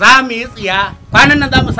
za mu yi tsiya kwanan nan za mu